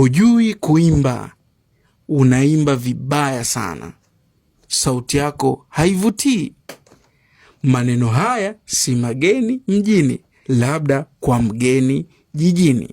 hujui kuimba, unaimba vibaya sana, sauti yako haivutii. Maneno haya si mageni mjini, labda kwa mgeni jijini.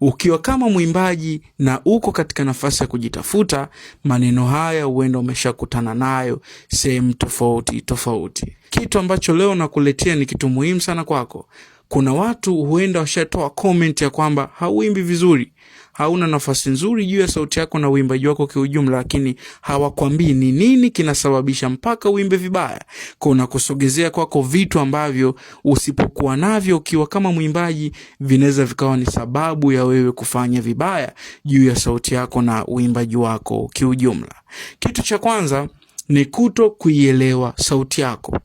Ukiwa kama mwimbaji na uko katika nafasi ya kujitafuta, maneno haya huenda umeshakutana nayo sehemu tofauti tofauti. Kitu ambacho leo nakuletea ni kitu muhimu sana kwako. Kuna watu huenda washatoa comment ya kwamba hauimbi vizuri, hauna nafasi nzuri juu ya sauti yako na uimbaji wako kiujumla, lakini hawakwambii ni nini kinasababisha mpaka uimbe vibaya. Kuna kusogezea kwako vitu ambavyo usipokuwa navyo ukiwa kama mwimbaji, vinaweza vikawa ni sababu ya wewe kufanya vibaya juu ya sauti yako na uimbaji wako kiujumla. Kitu cha kwanza ni kuto kuielewa sauti yako.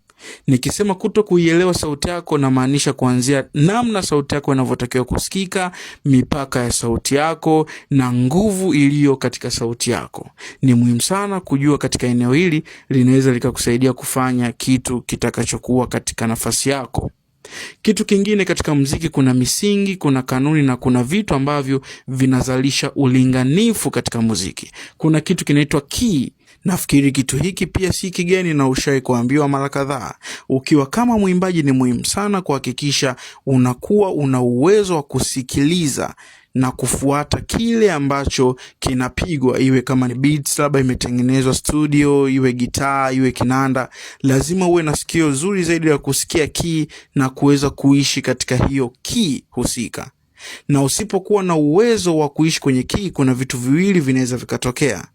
Nikisema kuto kuielewa sauti yako, namaanisha kuanzia namna sauti yako inavyotakiwa kusikika, mipaka ya sauti yako na nguvu iliyo katika sauti yako. Ni muhimu sana kujua katika eneo hili, linaweza likakusaidia kufanya kitu kitakachokuwa katika nafasi yako. Kitu kingine katika mziki, kuna misingi, kuna kanuni na kuna vitu ambavyo vinazalisha ulinganifu katika muziki. Kuna kitu kinaitwa key. Nafikiri kitu hiki pia si kigeni na ushai kuambiwa mara kadhaa. Ukiwa kama mwimbaji, ni muhimu sana kuhakikisha unakuwa una uwezo wa kusikiliza na kufuata kile ambacho kinapigwa, iwe kama ni beats labda imetengenezwa studio, iwe gitaa, iwe kinanda, lazima uwe na sikio zuri zaidi la kusikia kii na kuweza kuishi katika hiyo kii husika. Na usipokuwa na uwezo wa kuishi kwenye kii, kuna vitu viwili vinaweza vikatokea.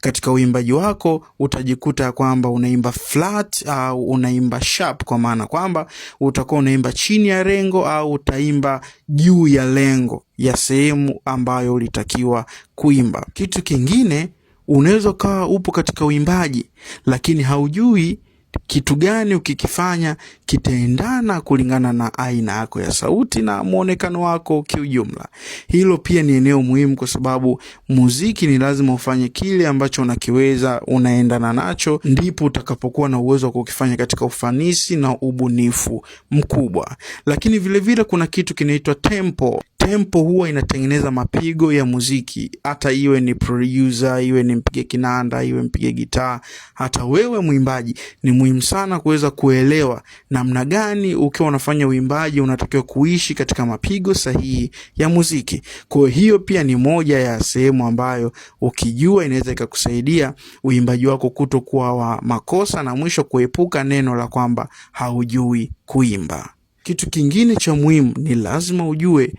Katika uimbaji wako utajikuta kwamba unaimba flat au unaimba sharp, kwa maana kwamba utakuwa unaimba chini ya lengo au utaimba juu ya lengo ya sehemu ambayo ulitakiwa kuimba. Kitu kingine, unaweza ukawa upo katika uimbaji lakini haujui kitu gani ukikifanya kitaendana kulingana na aina yako ya sauti na mwonekano wako kiujumla. Hilo pia ni eneo muhimu, kwa sababu muziki ni lazima ufanye kile ambacho unakiweza, unaendana nacho, ndipo utakapokuwa na uwezo wa kukifanya katika ufanisi na ubunifu mkubwa. Lakini vilevile vile kuna kitu kinaitwa tempo tempo huwa inatengeneza mapigo ya muziki, hata iwe ni producer, iwe ni mpiga kinanda, iwe mpiga gitaa, hata wewe mwimbaji. Ni muhimu sana kuweza kuelewa namna gani ukiwa unafanya uimbaji unatakiwa kuishi katika mapigo sahihi ya muziki. Kwa hiyo pia ni moja ya sehemu ambayo ukijua inaweza ikakusaidia uimbaji wako kutokuwa wa makosa, na mwisho kuepuka neno la kwamba haujui kuimba. Kitu kingine cha muhimu ni lazima ujue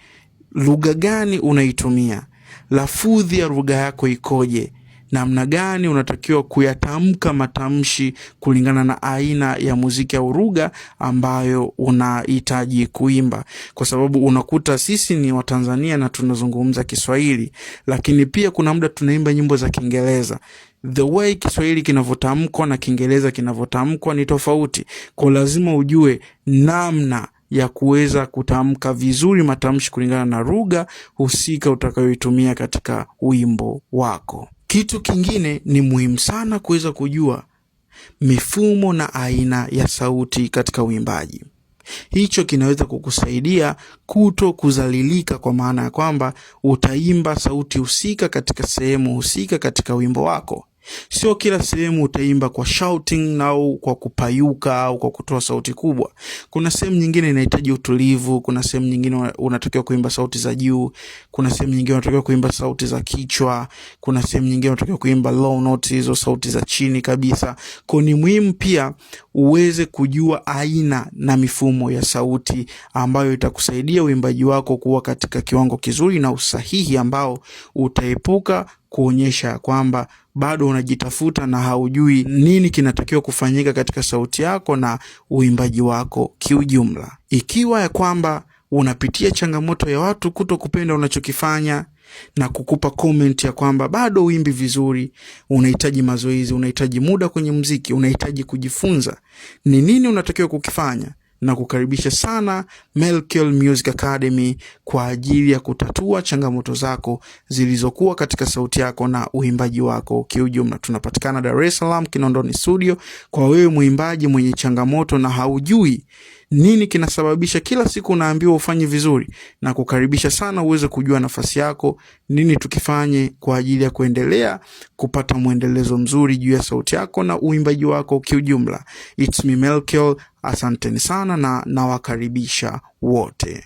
lugha gani unaitumia, lafudhi ya lugha yako ikoje, namna gani unatakiwa kuyatamka matamshi kulingana na aina ya muziki au lugha ambayo unahitaji kuimba, kwa sababu unakuta sisi ni Watanzania na tunazungumza Kiswahili, lakini pia kuna muda tunaimba nyimbo za Kiingereza. The way Kiswahili kinavyotamkwa na Kiingereza kinavyotamkwa ni tofauti, kwa lazima ujue namna ya kuweza kutamka vizuri matamshi kulingana na lugha husika utakayoitumia katika wimbo wako. Kitu kingine ni muhimu sana kuweza kujua mifumo na aina ya sauti katika uimbaji. Hicho kinaweza kukusaidia kuto kuzalilika, kwa maana ya kwamba utaimba sauti husika katika sehemu husika katika wimbo wako. Sio kila sehemu utaimba kwa shouting au kwa kupayuka au kwa kutoa sauti kubwa. Kuna sehemu nyingine inahitaji utulivu, kuna sehemu nyingine unatakiwa kuimba sauti za juu, kuna sehemu nyingine unatakiwa kuimba sauti za kichwa, kuna sehemu nyingine unatakiwa kuimba low notes, hizo sauti za chini kabisa. Kwa ni muhimu pia uweze kujua aina na mifumo ya sauti ambayo itakusaidia uimbaji wako kuwa katika kiwango kizuri na usahihi ambao utaepuka kuonyesha kwamba bado unajitafuta na haujui nini kinatakiwa kufanyika katika sauti yako na uimbaji wako kiujumla. Ikiwa ya kwamba unapitia changamoto ya watu kuto kupenda unachokifanya na kukupa comment ya kwamba bado uimbi vizuri, unahitaji mazoezi, unahitaji muda kwenye mziki, unahitaji kujifunza ni nini unatakiwa kukifanya na kukaribisha sana Melkel Music Academy kwa ajili ya kutatua changamoto zako zilizokuwa katika sauti yako na uimbaji wako kiujumla. Tunapatikana Dar es Salaam Kinondoni studio. Kwa wewe mwimbaji mwenye changamoto na haujui nini kinasababisha kila siku unaambiwa ufanye vizuri, na kukaribisha sana uweze kujua nafasi yako, nini tukifanye kwa ajili ya kuendelea kupata mwendelezo mzuri juu ya sauti yako na uimbaji wako kiujumla. It's me Melkel, asanteni sana na nawakaribisha wote.